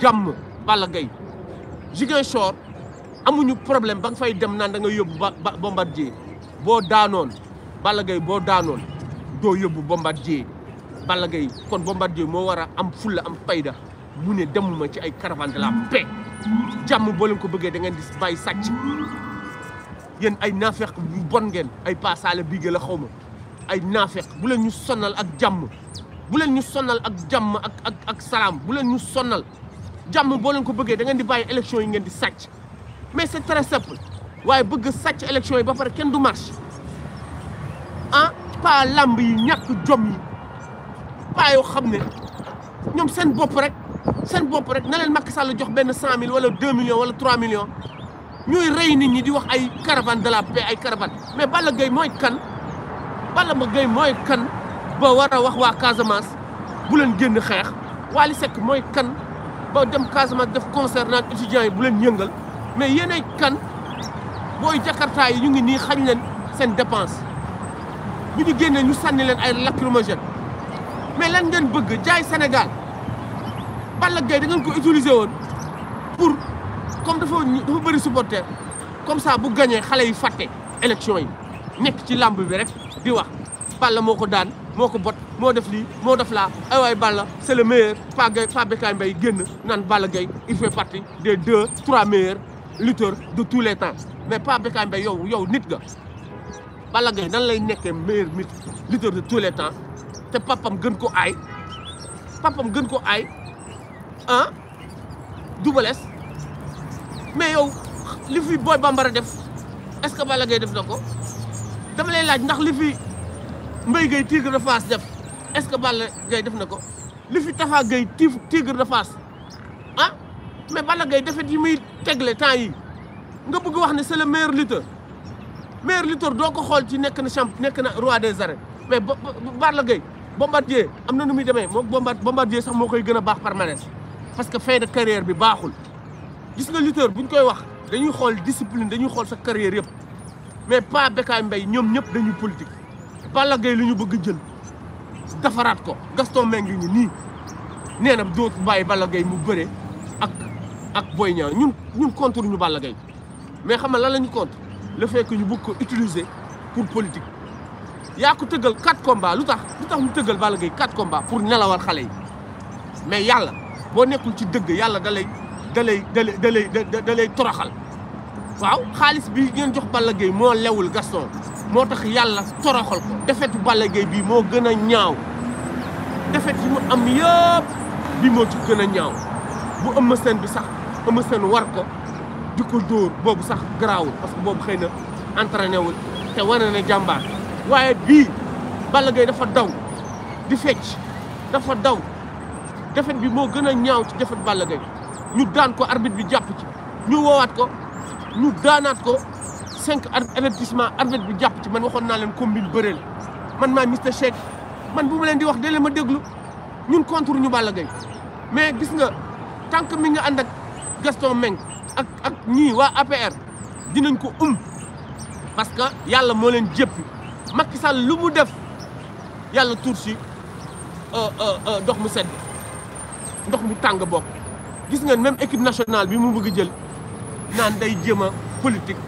jàmm Balla Gaye Ziguinchor amuñu problème ba nga fay dem naan da nga yóbbu ba bombardier boo daanoon balagay boo daanoon doo yóbbu bombardier Balla Gaye kon bombardier moo war am fulla am fayda mu ne demuma ci ay caravane de la paix boo leen ko bëggee dangeen ngeen di bàyyi sàcc yéen ay naafeq bu bon ngeen ay paasaale bigé la xaw ma ay naafeq bu leen ñu sonal ak jàmm bu leen ñu sonal ak jàmm ak ak ak salaam bu leen ñu sonal jàmm boo leen ko bëggee da ngeen di bàyyi élection yi ngeen di sàcc mais c'est très simple waaye bëgg sàcc élection yi ba pare kenn du marche ah làmb yi ñàkk jom yi pas yoo xam ne ñoom seen bopp rek seen bopp rek na leen Macky Sall jox benn cent mille wala deux millions wala trois millions ñuy rey nit ñi di wax ay caravane de la paix ay caravane mais bala Gaye mooy kan Balla ma Gaye mooy kan ba war a wax waa Casamance bu leen génn xeex Wally Seck mooy kan ba dem Casamance def concert naan étudiants yi bu leen ñëngal mais yéenay kan booy jakartaa yi ñu ngi nii xañ leen seen dépense bu ñu génnee ñu sànni leen ay lacrymogène mais leen ngeen bëgg jaay Sénégal Balla Gaye da ngeen ko utiliser woon pour comme dafa dafa bëri supporter comme ça bu gañee xale yi fàtte élection yi nekk ci làmb bi rek di wax Balla moo ko daan moo ko bot moo def lii moo def laa ay waay Balla c'est le meilleur Pa Gueye Pa Bécaye Mbaye génn naan Balla Gaye il fait partie des deux trois meilleurs lutteurs de tous les temps mais Pa Bécaye Mbaye yow yow nit nga Balla Gaye nan lay nekkee meilleur mit lutteur de tous les temps te papam gën ko aay papam gën ko aay ah dubales mais yow li fi Boy Bambara def est-ce que Balla Gaye def na ko dama lay laaj ndax li Mbaye Gueye Tigre de Fass def est-ce que Balla Gaye def na ko li fi Tafa Gueye tif Tigre de fas ah mais Balla Gaye defet yi muy tegle temps yi nga bëgg wax ne c'est le meilleur lutteur meilleur lutteur doo ko xool ci nekk na champ nekk na roi des arènes mais Balla Gaye Bombardier am na nu muy demee moom Bombardier sax moo koy gën a baax palmarès parce que fin de carrière bi baaxul gis nga bu ñu koy wax dañuy xool discipline dañuy xool sa carrière yëpp mais pas Bécaye Mbaye ñoom ñëpp dañuy politique Balla Gaye li ñu bëgg jël defaraat ko Gaston Mbengue ngi nii nee na doot bàyyi Balla Gaye mu bëre ak ak Boy Niang ñun ñun contre ñu Balla Gaye mais xam nga lan la ñu contre le fait ñu bugg ko utiliser pour politique. yaa ko tëggal quatre combats lu tax lu tax mu tëggal Balla Gaye quatre combats pour nelawal xale yi mais yàlla boo nekkul ci dëgg yàlla da lay da lay da toroxal waaw xaalis bi ngeen jox Balla Gaye moo lewul Gaston. moo tax yàlla toroxal ko defetu Balla Gaye bii moo gën a ñaaw defet yi mu am yëpp bi moo ci gën a ñaaw bu Eumeu Sène bi sax Eumeu war ko di ko dóor boobu sax garaawul parce que boobu xëy na entraîné wul te wane na jàmbaar waaye bii Balla Gaye dafa daw di fecc dafa daw defet bi moo gën a ñaaw ci defet Balla Gaye ñu daan ko arbitre bi jàpp ci ñu woowaat ko ñu daanaat ko cinq avertissement arbitre bi jàpp ci man waxoon naa leen combine bëre la man maa Mister Shake man bu ma leen di wax de leen ma déglu ñun contre ñu Balla Gaye mais gis nga tànk mi nga ànd ak Gaston Meng ak ak ñii waa APR dinañ ko um parce que yàlla moo leen jéppi Macky Sall lu mu def yàlla tuur si euh, euh, euh, ndox mu sedd ndox mu tàng bokk gis nga même équipe nationale bi mu bëgg jël naan day jéem a politique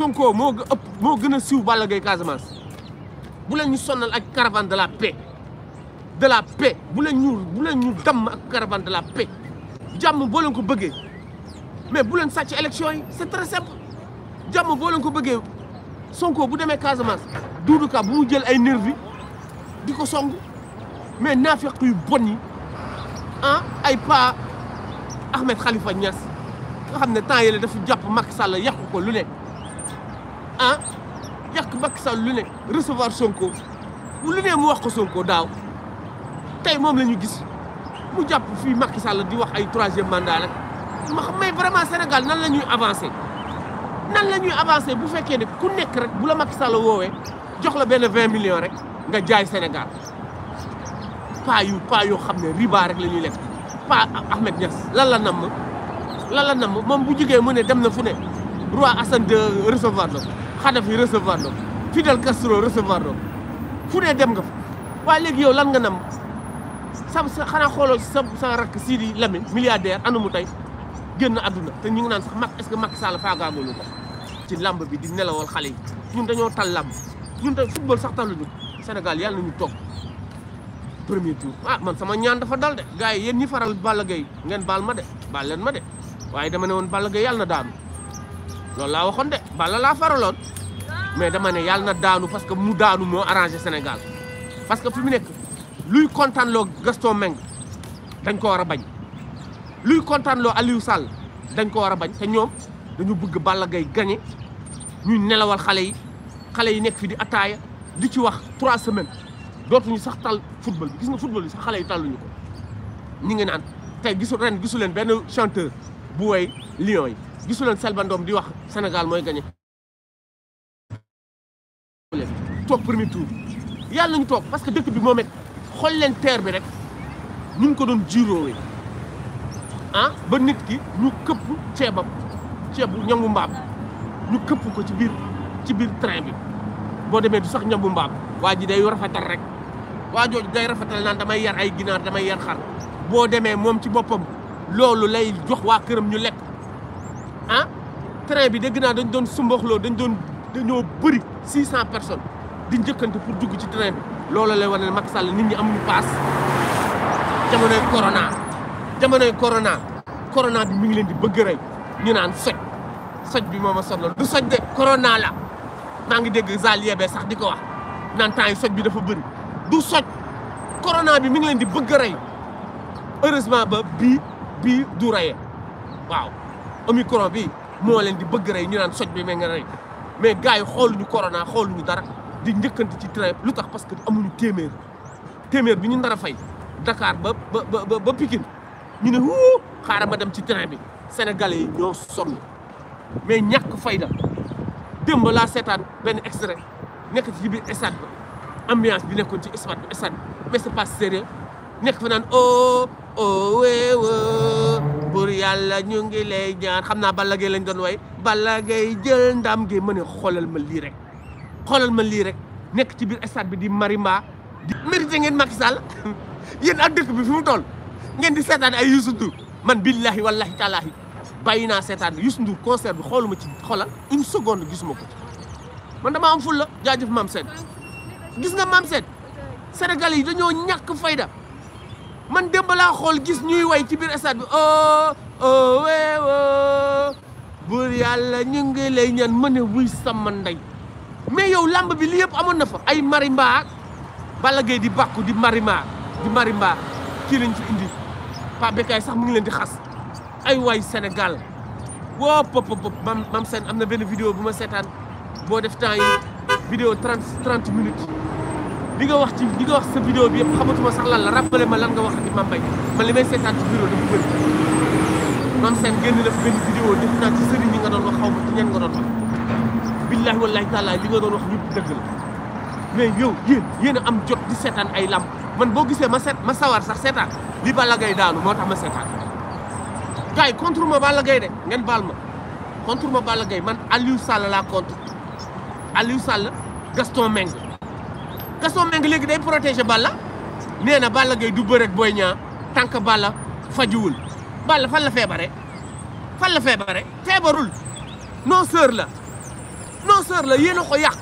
Sonko mo ëpp moo gën a siiw Balla Gaye Casamance bu len ñu sonnal ak caravane de la paix de la paix bu len ñu bu len ñu dam ak caravane de la paix jàmm boo leen ko bëggé mais bu leen sàcc élection yi c'est très simple jàmm boo leen ko bëggé Sonko bu démé Casamance Doudou Ka bu mu jël ay nervi diko ko song mais nafiq yu bon yi ah ay pa Ahmed Khalifa Niass nga xamné ne temps yële dafa jàpp Macky Sall yakko ko lu ne ah yàq Macky lu ne recevoir Sonko lu ne mu wax ko Sonko daaw tey moom la ñu gis mu jàpp fi Macky Sall di wax ay troisième mandat rek ma xam may vraiment Sénégal nan la ñuy avancer nan la ñuy avancer bu fekkee ne ku nekk rek bu la Macky Sall woowee jox la benn vingt millions rek nga jaay Sénégal paa yu paa yoo xam ne riba rek la ñuy lekk paa Ahmed Niass lan la nam lan la namm moom bu jugee mu ne dem na fu ne roi Assane de recevoir la Kadhafi recevoir na Fidel Castro recevoir na ko fu ne dem nga wa legui yow lan nga nam sam sa xana xolo sa sa rak Sidi Lamine milliardaire mu tay genn aduna te ñu ngi nan sax mak est-ce que Macky Sall faagaagalu ko ci lamb bi di nelawal xali ñun dañu tal lamb ñun dañu football sax ñu senegal yàlla nañu tok premier tour ah man sama ñaan dafa dal de gaay yeen ñi faral Balla gay ngeen baal ma de baal len ma de waye dama neewon woon gay Gaye na daanu. loolu laa waxoon de Balla laa faraloon mais dama ne na daanu parce que mu daanu moo arrangé Sénégal parce que fi mu nekk luy kontaanloo Gaston Mbengue dañ ko war a bañ luy kontaanloo Aliou Sall dañ ko war a bañ te ñoom dañu bëgg Balla Gaye gagné ñuy nelawal xale yi xale yi nekk fi di ataaya di ci wax trois semaines dootuñu sax tal football bi gis nga football bi sax xale yi talluñu ko ñi ngi naan te gisu ren gisu leen benn chanteur bu woy Lions yi. gisu leen Selba Ndom di wax senegal moy gagné top premier tour yalla ñu top parce que dëkk bi moo met xool leen terre bi rek ñu ko doon jiroowee ah ba nit ki ñu kepp ceebam ceebu ñangu mbab ñu kepp ko ci bir ci bir train bi bo démé du sax ñangu mbab waji day rafetal rek waa day rafetal nan damay yar ay ginar damay yar xar bo démé mom ci bopam loolu lay jox wa kërëm ñu lekk train bi dégg naa dañ doon sumbaxloo dañ doon dañoo bëri 600 personnes di njëkkante pour dugg ci train bi loolu lay wane ne Macky Sall am ñi paas jamonoy corona jamonoy corona corona bi mu ngi leen di bëgg rey ñu naan soj soj bi moo ma sonal du soj de corona la maa ngi dégg Zal Yebe sax di ko wax naan temps soj bi dafa bëri du soj corona bi mi ngi leen di bëgg rey heureusement ba bii bii du reye waaw omicron bi moo leen di bëgg rey ñu naan soj bi mais nga rey mais gars yi xooluñu xoolu ñu dara di njëkkante ci train lu tax parce que amuñu téeméer téeméer bi ñu nar a fay Dakar ba ba ba Pikine ñu ne wuu xaaral ma dem ci train bi Sénégalais yi ñoo sonn mais ñàkk fayda démb laa seetaan benn extrait nekk ci biir stade ba ambiance bi nekkoon ci stade bi stade bi mais c'est pas sérieux nekk fa naan oh oh weew bur yalla ñu ngi lay ñaan xamna naa Balla Gaye lañ doon way Balla Gaye jël ndam gi mëne xolal ma li rek xolal ma li rek nek ci bir stade bi di Marima, di mérité ngeen Macky Sall yeen ak dëkk bi fi mu toll ngeen di sétane ay Youssou Ndour man billahi wallahi ta'ala bayina sétane seetaan Youssou Ndour concert bi xoluma ci xolal une seconde gisumako man dama am ful la jaajëf mam seen gis nga mam seen Sénégal yi dañoo ñak fayda man démb laa xol gis ñuy way ci bir stade o oh oh wo wo yàlla ñu ngi lay ñaan mané wuy sama nday mais yow lamb bi li yeb amon na fa ay marimba bala gay di bakku di marimba di marimba ki lañ ci indi Pa bekay sax mu ngi leen di xass ay way Sénégal wo pop pop mam mam sen amna ben video vidéo bu bo def temps yi vidéo 30 30 minutes li nga wax ci li nga wax sa vidéo bi yëpp xamatuma sax lan la rappelé ma lan nga wax ci Mambay man li may seetaan ci vidéo dafa bëri mam seen génn na benn vidéo def naa ci sëriñ yi nga doon wax xaw ma ci ñeen nga doon wax billahi wallahi taala li nga wax la mais yow am jot di seetaan ay lamb man boo gisee ma seet ma sawar sax seetaan li Balla Gaye daanu moo tax ma seetaan gars contre ma Balla Gaye de ngeen baal ma contre ma man Aliou Sall laa contre Aliou Sall Gaston Gaston Mbengue léegi day protéger Balla nee na Balla Gaye du bëre ak Boy Niang tant que Balla fajuwul Balla fan la feebare fan la feebare feebarul non sœur la non sœur la yéen a ko yàq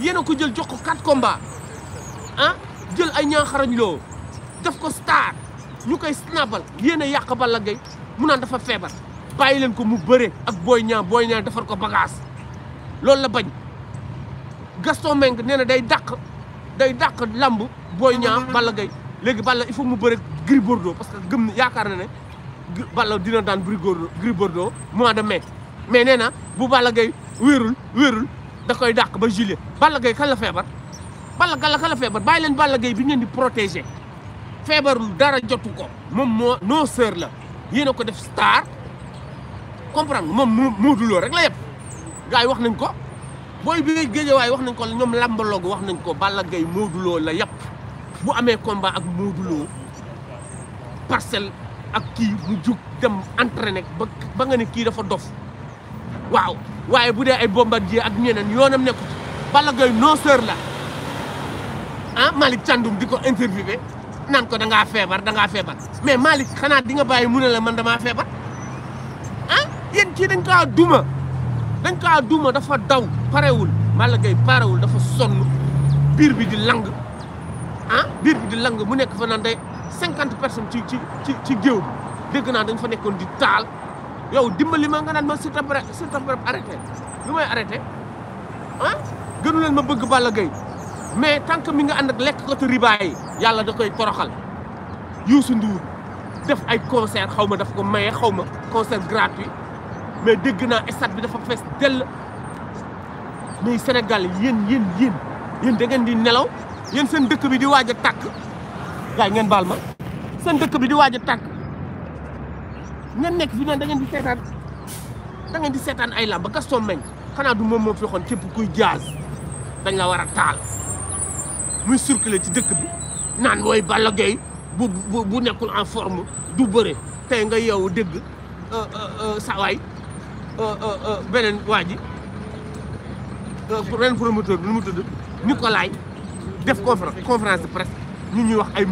yéen a ko jël jox ko komba combats ah jël ay ñaaxarañ loo def ko star ñu koy snabal yéen a yàq Balla Gaye mu naan dafa feebar bàyyi leen ko mu bëre ak booy ñaa booy Niang defar ko bagage loolu la bañ Gaston Mbengue nee na day dàq day dak lamb boy ñaa Balla gay léegi Balla il faut mu beure Gris parce que gëm yaakar na ne Balla dina daan Gris Bordeaux mois de mai mais nee bu Balla gay wërul wërul da koy dak ba juillet Balla gay kan la feebar Balla gal kan, kan la feebar leen Balla gay bi ngeen di protéger feebarul dara jotu ko mom mo no sœur la yéen a ko def star comprendre moom Modou Lo rek la yëpp gaay wax nañ ko booy bi géejawaay wax nañ ko ñoom làmbaloogu wax nañ ko Balla Gaye Modou Lo la yàpp bu amee combat ak Modou Lo parcelle ak kii mu jug dem entraîné ba nga ne kii dafa dof waaw waaye bu dee ay bombardier ak ñeneen yoonam nekku ci Balla Gaye noceur la ah Malick Thiandoum di ko interviewé nan ko da ngaa feebar danga ngaa feebar mais Malick xanaa di nga bàyyi mu ne la man damaa feebar ah yéen kii dañ kaa duma dañ kaa duma dafa daw parewul Balla Gaye parewul dafa sonn biir bi di lang ah biir bi di lang mu nekk fa naan day cinquante personnes ci ci ci ci géew bi dégg naa dañ fa nekkoon di taal yow dimbali ma nga naan ma Siteu Siteu arrêté lu may arrêté ah gënu leen ma bëgg Balla Gaye mais tant que mi nga ànd ak lekk ko te ribaay yi yàlla da koy toroxal Youssou Ndour def ay concert xaw ma daf ko maye xaw ma concert gratuit mais dégg naa stade bi dafa fees dell ni senegal yin yin yin yin da ngeen di nelaw yeen seen dekk bi di waja a tàkk ngeen balma seen dekk bi di waja tak ngeen nek fi naan da ngeen di setan da ngeen di setan ay làmb Gaston Mbengue xana du mom mo fi xon kep kuy jaaz dañ la wara a taal muy circuler ci dekk bi nan wooy Balla gay bu bu nekul en forme du beure tay nga yow dégg euh euh, euh, euh, euh benen waji beneen promoteur bi nu mu tudd Nicolai def conférence conférence de presse ñu ñuy wax ay.